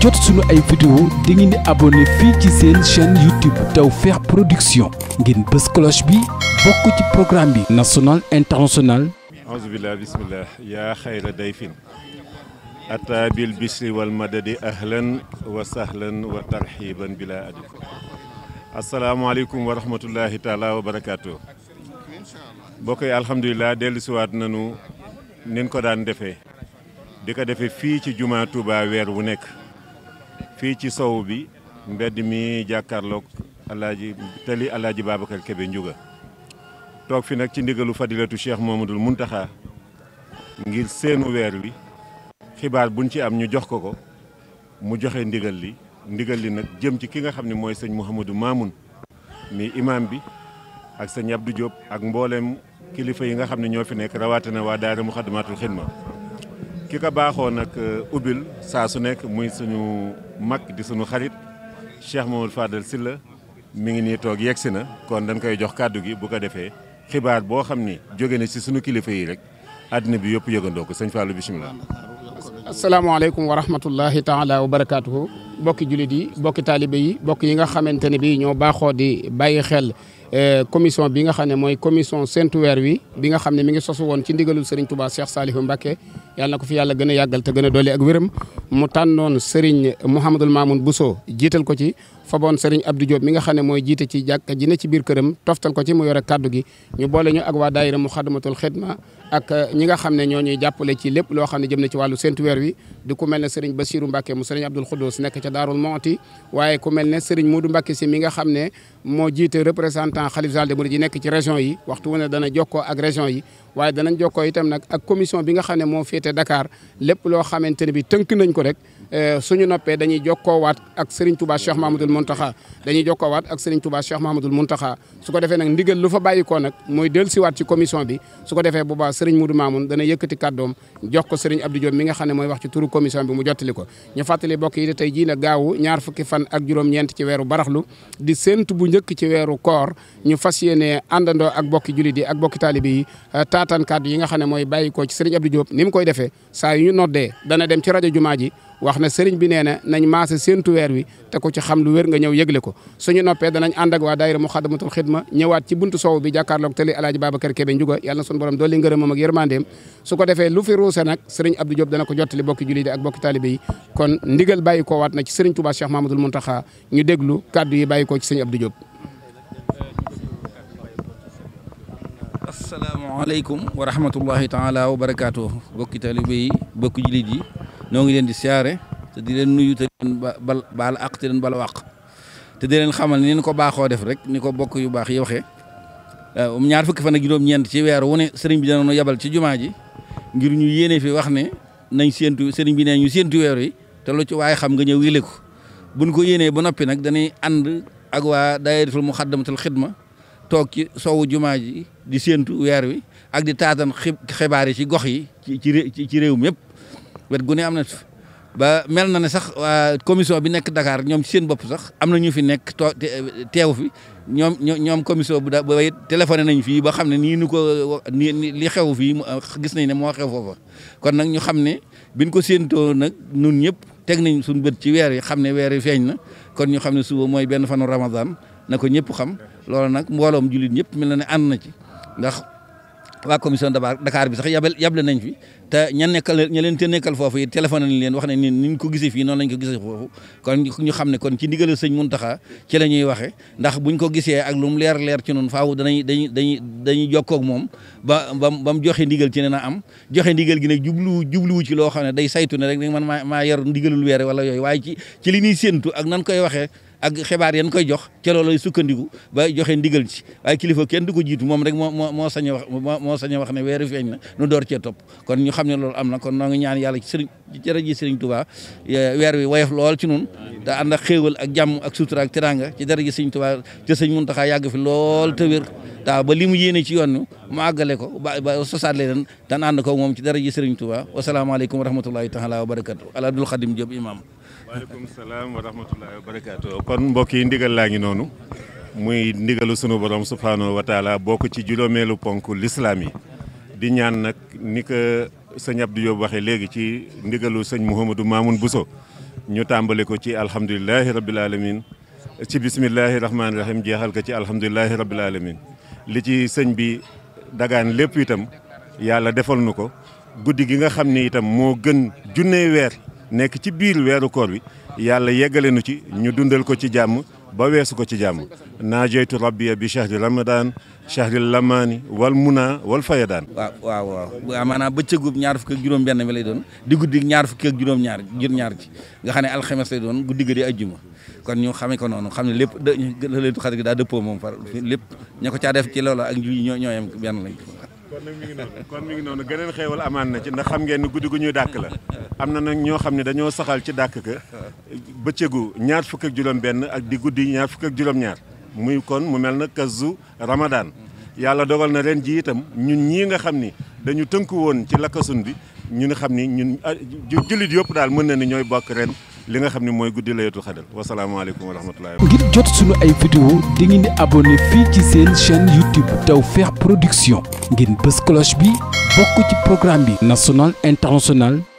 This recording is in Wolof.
jot suñu ay vidéo da ngeen di abonné fii ci seen chaîne YouTube Tawfekh Production ngeen bës cloche bi bokk ci programme bi national international aousubillah bismillah yaa xayra dayfin ata bil bishri madadi ahlan wa sahlan wa tarxiban bila adib asalaamaaleykum wa rahmatullahi taala wa barakaatu mbokk yi alhamdulilah dellu nanu nin ko daan defee di ko defe fii ci jumaa Touba weer wu nekk fii ci sow bi mbedd mi jàkkaarlook alaaji tali alaaji Babacar Kebe Ndiouga toog fi nag ci ndigalu fadilatu Cheikh Mouhamadoul Mountakha ngir seenu weer wi xibaar buñ ci am ñu jox ko ko mu joxe ndigal li ndigal li nag jëm ci ki nga xam ne mooy sëñ Mouhamadou Mamoun mi imam bi ak sëñ Abdou Diop ak mboolem kilifa yi nga xam ne ñoo fi nekk rawatina waa daara Muxaddamatul Xidma ki ko baaxoo nag euh, ubbil saa su nekk muy suñu mag di suñu xarit Cheikh Mamadou Fadel Silla mu ngi nii toog yegsi na kon dañ koy jox kàddu gi bu ko defee xibaar boo xam ni jóge na ci suñu kilifa yi rek àddina bi yëpp yëgandoo ko sëñ Fallou bisimilah. asalaamaaleykum wa rahmatullahi taala wa barakaatuhu bokki jullit yi bokki taalibe yi bokk yi nga xamante ne bii ñoo baaxoo di bàyyi xel eh, commission bi nga xam ne mooy commission séntu weer wi bi nga xam ne mi ngi sos woon ci ndigalul Serigne Touba Cheikh Salihou Mbacké yàlla na ko fi yàlla gën a yàggal te gën a doole ak wéram mu tànnoon Serigne Mouhamadul Mamoun Bousso jiital ko ci faboon Serigne Abdou Diop mi nga xam ne mooy jiite ci jàkka ji ne ci biir këram toftal ko ci mu yore kàddu gi ñu boole ñu ak waa daayira mu xadamatul xidma ak eh, ñi nga xam ne ñoo ñuy jàppale ci lépp loo xam ne jëm na ci wàllu séntu weer wi di ku mel ne Serigne Bassirou Mbacke mu Serigne Abdoul Khoudous nekk ca Daarul Monti waaye ku mel ne Serigne Modou Mbacke si mi nga xam ne moo jiite représentant xalif Zal de Mouride yi nekk ci région yi waxtu wu ne dana jokkoo ak région yi waaye danañ jokkoo itam nag ak commission bi nga xam ne moo féete Dakar lépp loo xamante ne bi tënk nañ ko rek eh, su ñu noppee dañuy jokkoowaat ak Serigne Touba Cheikh Mahamadoul Mountakha dañuy jokkoowaat ak Serigne Touba Cheikh Mahamadoul Mountakha su ko defee nag ndigal lu fa bàyyikoo nag mooy dellusiwaat ci commission bi su ko defee boobaa Serigne Moudou Mamoun dana yëkkati kàddoom jox ko Serigne Abdou Diop mi nga xam ne mooy wax ci turu commission bi mu jottali ko ñu fàttali bokk yi tey jii la gaawu ñaar fukki fan ak juróom-ñeent ci weeru baraxlu di séentu bu njëkk ci weeru koor ñu fas yéene àndandoo ak bokki jullit yi ak bokki taalibe yi eh, taataan kàddu yi nga xam ne mooy bàyyi ko ci sëriñ Abdou Diop ni mu koy defee saa yu ñu noddee dana dem ci rajo jumaa ji wax ne sëriñ bi nee nañ maase séentu weer wi te ko ci xam lu wér nga ñëw yëgle ko suñu noppee danañ ànd ak waa daayira Muxaddamatul Xidma ñëwaat ci buntu sow bi jàkkaarloog tali alaaji Babacar Kébé Ndiouga yàlla na suñu borom dolli ngërëmam ak yërmandeem su ko defee lu fi ruuse nag sëriñ Abdou Diop dana ko jottali bokki jullit asalaamaaleykum wa rahmatullahi taala wa barakaatu bokki taalibe yi bokki jullit yi noo ngi leen di siyaare te di leen nuyu te di leen bal baal àq leen bal wàq te di leen xamal ni ko baaxoo def rek ni ko bokk yu baax yi um, ñaar fukki fan ak juróom-ñeent ci weer wu seriñ sëriñ bi dana yabal ci jumaa ji ngir ñu yéene fi wax ne nañ séentu sëriñ bi ne ñu séentu weer yi te lu ci waaye xam nga ñëw yële ko buñ ko yéenee ba noppi nag dañuy ànd ak waa daayiratul muxaddamatul xidma toog ci sowu jumaa ji di séentu weer wi ak di taatan xibaar yi ci gox yi ci ci ci réew mi yëpp wet gu am na ba mel na ne sax waa commission bi nekk Dakar ñoom ci seen bopp sax am na ñu fi nekk too teew fi ñoom ñoom commission bu da ba téléphoné nañ fii ba xam ne nii nu ko nii li xew fii gis nañ ne moo xew foofa kon nag ñu xam ne biñ ko séentoo nag nun ñëpp teg nañ suñu bët ci weer yi xam ne weer yi feeñ na kon ñu xam ne suba mooy benn fanu Ramadan na ko ñëpp xam loolu nag mbooloom jullit ñëpp mel na ne ànd na ci ndax waa commission Dakar bi sax yabal yable nañ fi te ña nekkal ña leen te nekkal foofu yi téléphoné nañ leen wax ne ni ñu ko gisee fii noonu lañ ko gisee foofu kon ñu xam ne kon ci ndigalal sëñ Muntaxa ci la ñuy waxee ndax buñ ko gisee ak lu leer leer ci noonu faaw danañ dañuy dañuy dañuy jokkoo moom ba ba ba joxe ndigal ci ne na am joxe ndigal gi nag jublu jubluwu ci loo xam ne day saytu ne rek man maa maa yor ndigalul weer wala yooyu waaye ci ci li ñuy séentu ak nan koy waxee ak xibaar yan koy jox ca loolu sukkandiku ba joxe ndigal ci waaye kilifa kenn du ko jiitu moom rek moo moo moo sañ a wax moo sañ a wax ne weeru feeñ na nu door cee topp kon ñu xam ne loolu am na kon noo ngi ñaan yàlla ci sëriñ jërë ji sëriñ Tuubaa weer wi wayaf lool ci nun te ànd ak xéewal ak jàmm ak sutura ak teraanga ci dara ji sëriñ Tuubaa te sëñ Muntaxa yàgg fi lool ta wér waaw ba li mu yéene ci yoon mu àggale ko ba ba sosaat leen daan ànd ko moom ci dara ji sëriñ Tuubaa wasalaamaaleykum wa rahmatullahi taala wa barakatu ala Abdul Xadim Diop imam waaleykum salaam wa rahmatullahi wa barakaatu kon mbokk yi ndigal laa ngi noonu muy ndigalu sunu borom subhaanahu wa taala bokk ci juróomeelu ponk lislaam yi di ñaan nag ni ko sëñ Abdou Diop waxee léegi ci ndigalu sëñ Mouhamadou bu Bousso ñu tàmbali ko ci alhamdulilahi rabil alamin ci bisimilahi rahmaani rahim jeexal ko ci alhamdulilahi rabil alamin li ci sëñ bi dagaan lépp itam yàlla defal nu ko guddi gi nga xam ni itam moo gën junne weer nekk ci biir weeru koor bi yàlla yeggale nu ci ñu dundal ko ci jàmm ba weesu ko ci jàmm naajeytu rabbiya bi chahri ramadan chahri lamaani wal muna wal fayadaan waaw waaw waaw maanaam bëccëgub ñaar fukk ak juróom benn bi lay doon di guddi ñaar fukk ak juróom ñaar jur ñaar ci nga xam ne alxames lay doon guddi ga di ajjuma kon ñu xamee ko noonu xam ne lépp laleetu xarit gi daa dëppoo moom far lépp ña ko caa def ci loola ak ñoo ñooyam benn lañ kon nag mi ngi noonu kon mi ngi noonu gëneen xéewal amaan na ci ndax xam ngeen ni guddi gu ñuy dàkk la am na nag ñoo xam ne dañoo saxal ci dàkk ka bëccëgu ñaar fukk ak juróom benn ak di guddi ñaar fukk ak juróom ñaar muy kon mu mel na kazu ramadaan yàlla dogal na ren ji itam ñun ñii nga xam ni dañu tënk woon ci lakkasun bi ñu ñun xam ni ñun ah, jullit yëpp daal mën na ni ñooy bokk ren li nga xam ne mooy guddi layatul xadal wasalaamaaleykum wa rahmatulah. ngir jot sunu ay vidéo di ngeen di abonné fii ci seen chaîne YouTube Tawfekh Production ngeen bës cloche bi bokk ci programme bi national international.